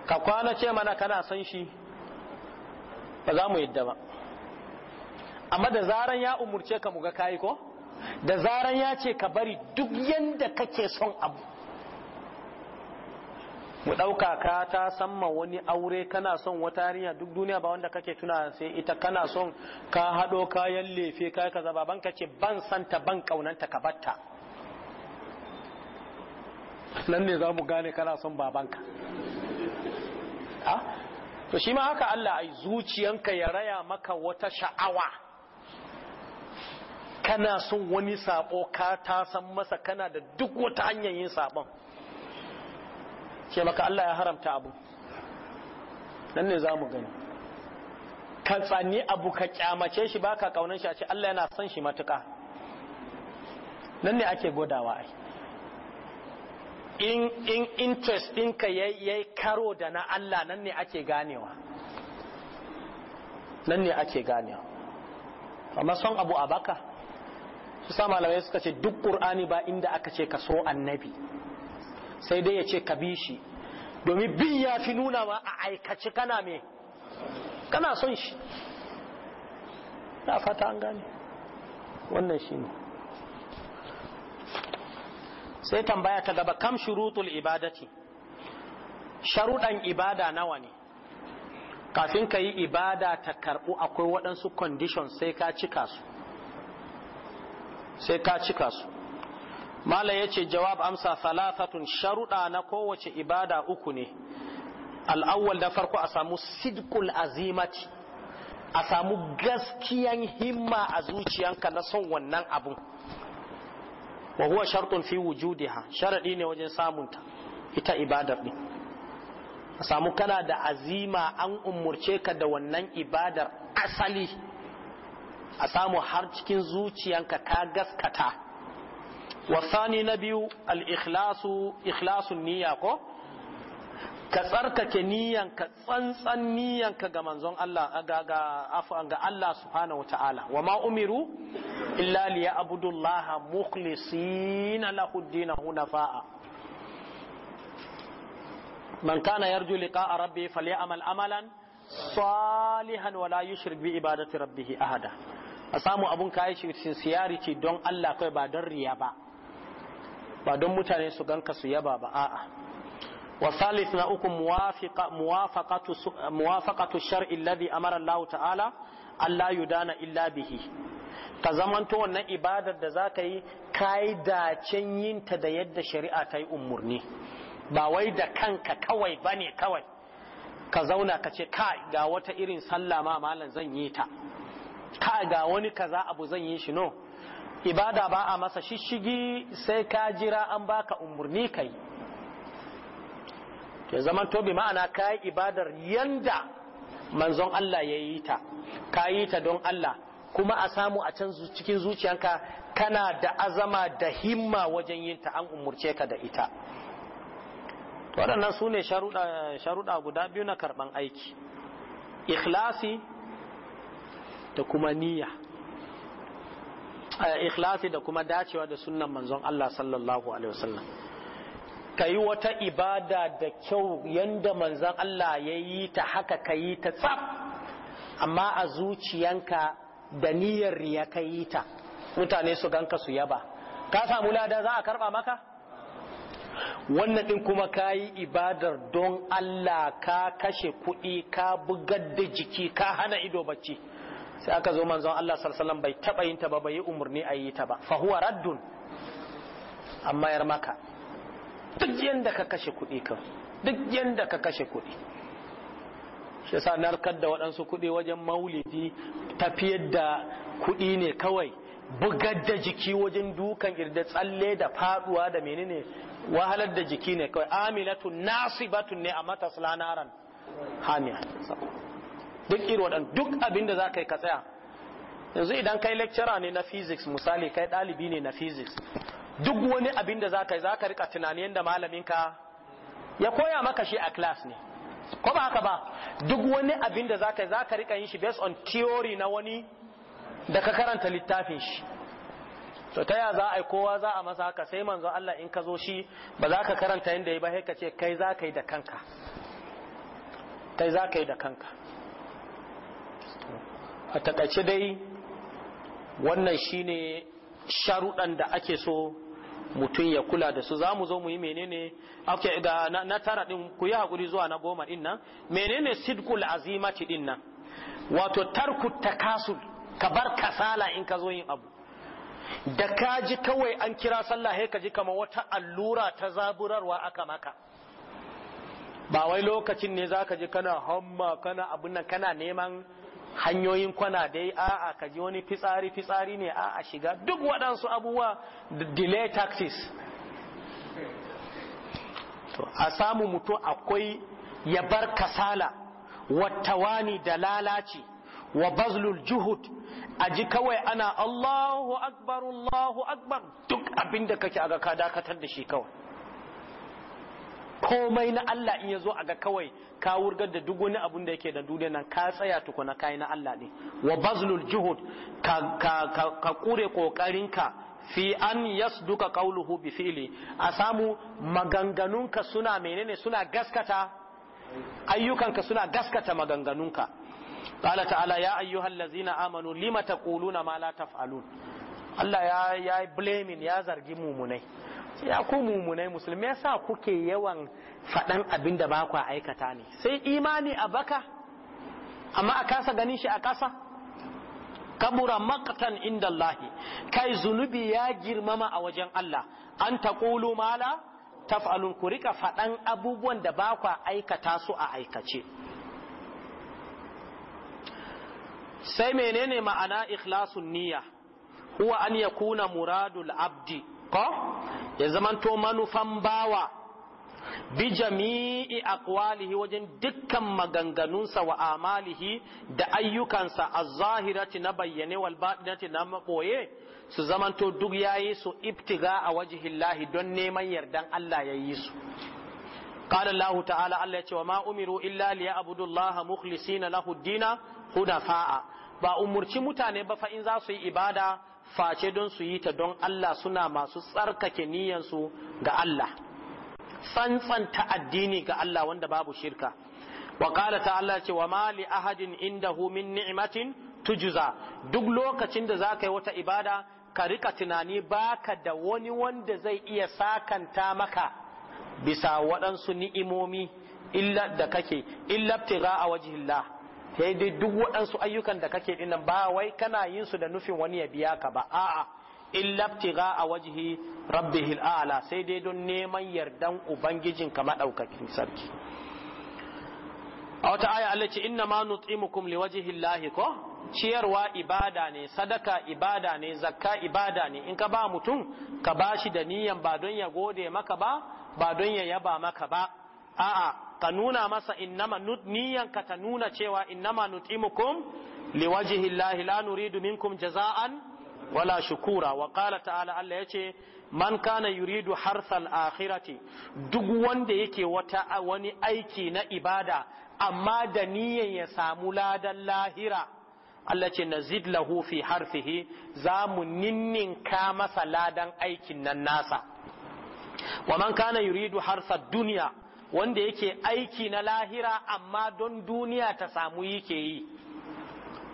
ka kwana ce mana kana san shi ba za mu yadda ba amma da zaran ya umurce ka mu ga kai ko da zaran ya ce ka bari duk yadda kake son abu mu ɗauka ka ta samma wani aure kana son wata yarinya duk duniya ba wanda kake tuna sai ita kana son ka haɗo kayan lefe kayan kaza baban ka ce ban santa ban ƙaunanta ka batta nan ne za mu gane kana son babanka ah, to shi ma haka Allah ai zuciyanka ya raya maka wata sha'awa kana son wani sabo ka ta san masa kana da duk wata hanyar yin sabon ke maka Allah ya haramta abu nan ne za mu gani ka tsani abu ka kyamace shi baka kaunan shi a ce Allah yana son shi matuka nan ne ake godawa ai in in interest ɗinka yayi karo da na Allah nan ne ake ganewa nan ne ake ganewa amma son abu a baka sa malamai suka ce duk qur'ani ba inda aka ce ka so annabi sai dai ya ce ka bi shi domin bin ya fi nuna ma a aikace kana me kana son shi na fata an gane wannan shi ne sai tambaya ta gaba kam shurutul ibadati sharuɗan ibada nawa ne kafin ka yi ibada ta karɓu akwai waɗansu conditions sai ka cika su sai ka cika su malam yace jawab amsa salatatun sharuɗa na kowace ibada uku ne al'awwal da farko a samu sidkul azimati a samu gaskiyan himma a zuciyanka na son wannan abun wa huwa shartun fi wujudiha Sharaɗi ne wajen samunta ita ibadar din a samu kana da azima an umurce ka da wannan ibadar asali a samu har cikin zuciyanka ka gaskata wasani na biyu al-ikhlasu ikhlasun niyya ko ka tsarkake niyyanka tsantsan niyyanka ga manzon Allah ga ga ga Allah subhanahu wataala wa ma umiru illa liya'budullaha na lahu dinahu hunafa'a man kana yarju liqa'a rabbi falyamal amalan salihan wala la yushrik bi ibadati rabbih ahada a samu abun kayi shi sincerity don Allah kai ba don riya ba ba don mutane su ganka su yaba ba a'a wa salis na uku muwafaqatu shar'i alladhi amara Allah ta'ala Allah yudana illa bihi ka zamanto wannan ibadar da za ka yi kai dacen yinta da yadda shari'a ta yi umurni ba wai da kanka kawai bane kawai ka zauna ka ce kai ga wata irin sallama ma malam zan yi ta ka ga wani kaza abu zan yi shi no ibada ba a masa shishigi sai ka jira an baka umarni kai to zaman to bi ma'ana kai ibadar yanda manzon Allah ya yi ta ka yi ta don Allah kuma a samu a can cikin zuciyanka kana da azama da himma wajen yin ta an umurce ka da ita waɗannan su ne sharuɗa guda biyu na karɓan aiki ikhlasi da kuma niyya eh, ikhlasi da kuma dacewa da sunnan manzon Allah sallallahu alaihi wasallam ka wata ibada da kyau yanda manzon Allah ya yi ta haka ka yi ta tsaf amma a zuciyanka da niyyar ya ka yi ta mutane su ganka su yaba ka samu lada za a karba maka wannan din kuma ka yi ibadar don Allah ka kashe kuɗi ka bugar da jiki ka hana ido bacci sai aka zo manzon Allah sallallahu bai taba yin ta ba bai umurni ayi yi ta ba fa huwa raddun amma yar maka duk yanda ka kashe kuɗi ka duk yanda ka kashe kuɗi shi yasa narkar da waɗansu kuɗi wajen maulidi tafiyar da kuɗi ne kawai bugar da jiki wajen dukan irda tsalle da faduwa da menene wahalar da jiki ne kawai amilatun nasibatun ne a matasla naran hamiya duk irin duk abin da za ka yi ka tsaya yanzu idan kai lecturer ne na physics misali kai ɗalibi ne na physics duk wani abin da za ka yi za ka rika tunani yadda malaminka ya koya maka shi a class ne ko ba haka ba duk wani abin da za ka yi za ka rika yin shi based on theory na wani da ka karanta littafin shi to ta ya za a yi kowa za a masa haka sai manzo Allah in ka zo shi ba za ka karanta yadda ya ba sai ce kai za kai za ka yi da kanka a takaice dai wannan shine sharuɗan da ake so mutum ya kula da su za mu zo mu yi menene okay, da na, tara ɗin ku yi hakuri zuwa na goma din nan menene sidkul azimati din nan wato tarku takasul ka bar kasala in ka zo yin abu da ka ji kawai an kira sallah ka ji kama wata allura ta zaburarwa aka maka ba wai lokacin ne zaka ka ji kana hamma kana abun nan kana neman hanyoyin kwana dai a'a ka ji wani fitsari fitsari ne a'a shiga duk waɗansu abubuwa delay taxes a samu mutum akwai ya bar kasala wattawani da lalaci wa bazlul juhud a ji kawai ana Allahu akbar Allahu akbar duk abinda kake aga ka dakatar da shi kawai komai na Allah in ya zo a ga kawai ka wurgar da duk wani abun da yake da duniya nan ka tsaya tukuna kai na Allah ne wa bazlul juhud ka ka ka, ka kure kokarinka fi an yasduka qawluhu bi fi'li a samu maganganunka suna menene suna gaskata ayyukanka suna gaskata maganganunka qala ta'ala ya ayyuhal ladzina amanu limata تقولون ma la taf'alun Allah ya yi blaming ya zargi mumunai sai ya ku mummunai musulmi yasa kuke yawan faɗan abin da ba ku aikata ne sai imani a baka amma a kasa ganin shi a kasa kabura maqtan inda Allahi kai zunubi ya girmama a wajen Allah an taqulu mala taf'alun ku rika faɗan abubuwan da ba ku aikata su a aikace sai menene ma'ana ikhlasun niyya huwa an yakuna muradul abdi ko ya zamanto manufan bawa bi jami'i aqwalihi wajen dukkan maganganunsa wa amalihi da ayyukansa a zahirati na bayyane wal batinati na maboye su zamanto duk yayi su ibtiga a wajhillahi don neman yardan Allah yayi su قال الله تعالى الله يتي وما أمروا إلا ليعبدوا الله مخلصين له الدين هدفاء ba umurci mutane ba fa in za su yi ibada face don su yi ta don Allah suna masu tsarkake niyansu ga Allah tsantsanta addini ga Allah wanda babu shirka wa ta Allah ce wa mali ahadin inda min ni'matin tujuza duk lokacin da za ka yi wata ibada ka rika tunani baka da wani wanda zai iya sakanta maka bisa waɗansu ni'imomi illa da kake illa a wajihillah sai dai duk waɗansu ayyukan da kake dinnan ba wai kana yin su da nufin wani ya biya ka ba a'a illa ibtigha a wajhi rabbihil al'ala sai dai don neman yardan ubangijin ka madaukakin sarki a wata aya Allah ce inna ma nut'imukum liwajhi llahi ko ciyarwa ibada ne sadaka ibada ne zakka ibada ne in ka ba mutum ka bashi da niyan ba don ya gode maka ba ba don ya yaba maka ba a'a ka nuna masa innama ka ta nuna cewa innama nutimukum liwajihi llahi la nuridu minkum jaza'an wala shukura wa qala ta'ala Allah yace man kana yuridu harsal akhirati duk wanda yake wata wani aiki na ibada amma da niyan ya samu ladan lahira Allah ce nazid lahu fi harfihi za mu ka masa ladan aikin nan nasa wa man kana yuridu harsa duniya wanda yake aiki na lahira amma don duniya ta samu yake yi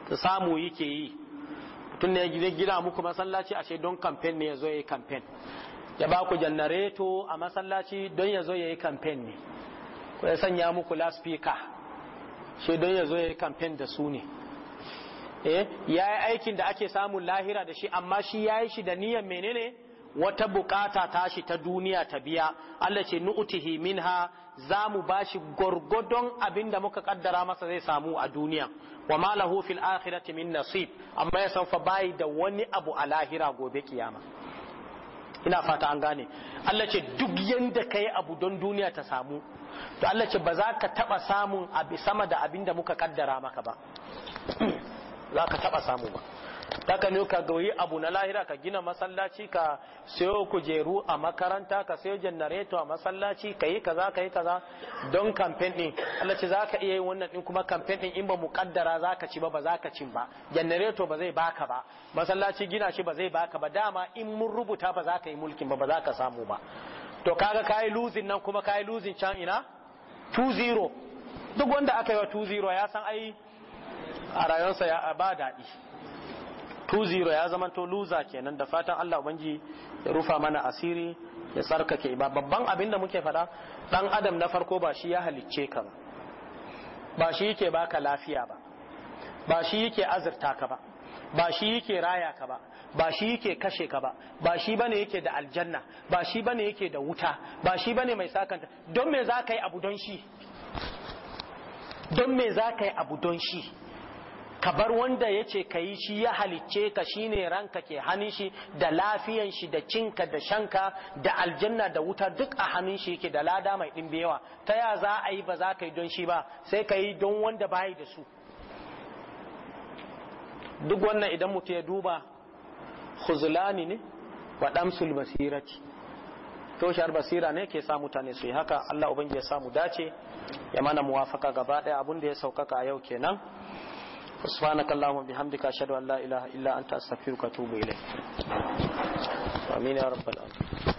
ta samu yake yi tun ne gina muku masallaci ashe don kamfen ne ya zo ya yi kamfen ya ba ku janareto a masallaci don ya zo ya yi kamfen ne ku ya sanya muku laspika shi don ya zo ya yi kamfen da su ne eh ya yi aikin da ake samun lahira da shi amma shi ya yi shi da niyan menene wata bukata tashi ta duniya ta biya Allah ce nu'tihi minha za mu bashi gorgodon abin da muka kaddara masa zai samu a duniya wa ma lahu fil akhirati min nasib amma ya san fa bai da wani abu a lahira gobe kiyama ina fata an gane Allah ce duk yanda kai abu don duniya ta samu to Allah ce ba za ka taba samun abi sama da abin da muka kaddara maka ba za ka taba samu ba kaka ne ka goyi abu na lahira ka gina masallaci ka sayo kujeru a makaranta ka sayo janareto a masallaci ka yi kaza ka yi kaza don kamfen din Allah ce zaka iya yin wannan din kuma kamfen din in ba muqaddara zaka ci ba ba zaka cin ba janareto ba zai baka ba masallaci gina shi ba zai baka ba dama in mun rubuta ba zaka yi mulkin ba ba zaka samu ba to kaga kai losing nan kuma kai losing can ina 2-0 duk wanda aka yi wa 2-0 ya san ai a rayuwarsa ya ba daɗi 2-0 ya to luza kenan da fatan Allah ubangi ya rufa mana asiri ya tsarkake ba babban abin da muke faɗa ɗan adam na farko ba shi ya halicce ka ba ba shi yake baka lafiya ba ba shi yake azurta ka ba ba shi yake raya ka ba ba shi yake kashe ka ba ba shi bane yake da aljanna ba shi bane yake da wuta ba shi bane mai sakanta don me za ka yi abu don shi don me za ka yi abu don shi ka bar wanda ya ce ka yi shi ya halicce ka shi ne ranka ke hannun shi da lafiyan shi da cinka da shanka da aljanna da wuta duk a hannun shi yake da lada mai ɗimbe yawa ta ya za a yi ba za ka yi don shi ba sai ka yi don wanda bayi da su duk wannan idan mutu ya duba khuzlani ne wa damsul basirati toshar basira ne ke sa mutane su yi haka Allah ubangiji ya samu dace ya mana muwafaka gaba daya abin da ya saukaka a yau kenan subhanaka allahumma bihamdika ashhadu an la ilaha illa anta astaghfiruka wa atubu ilayk amin ya rabbal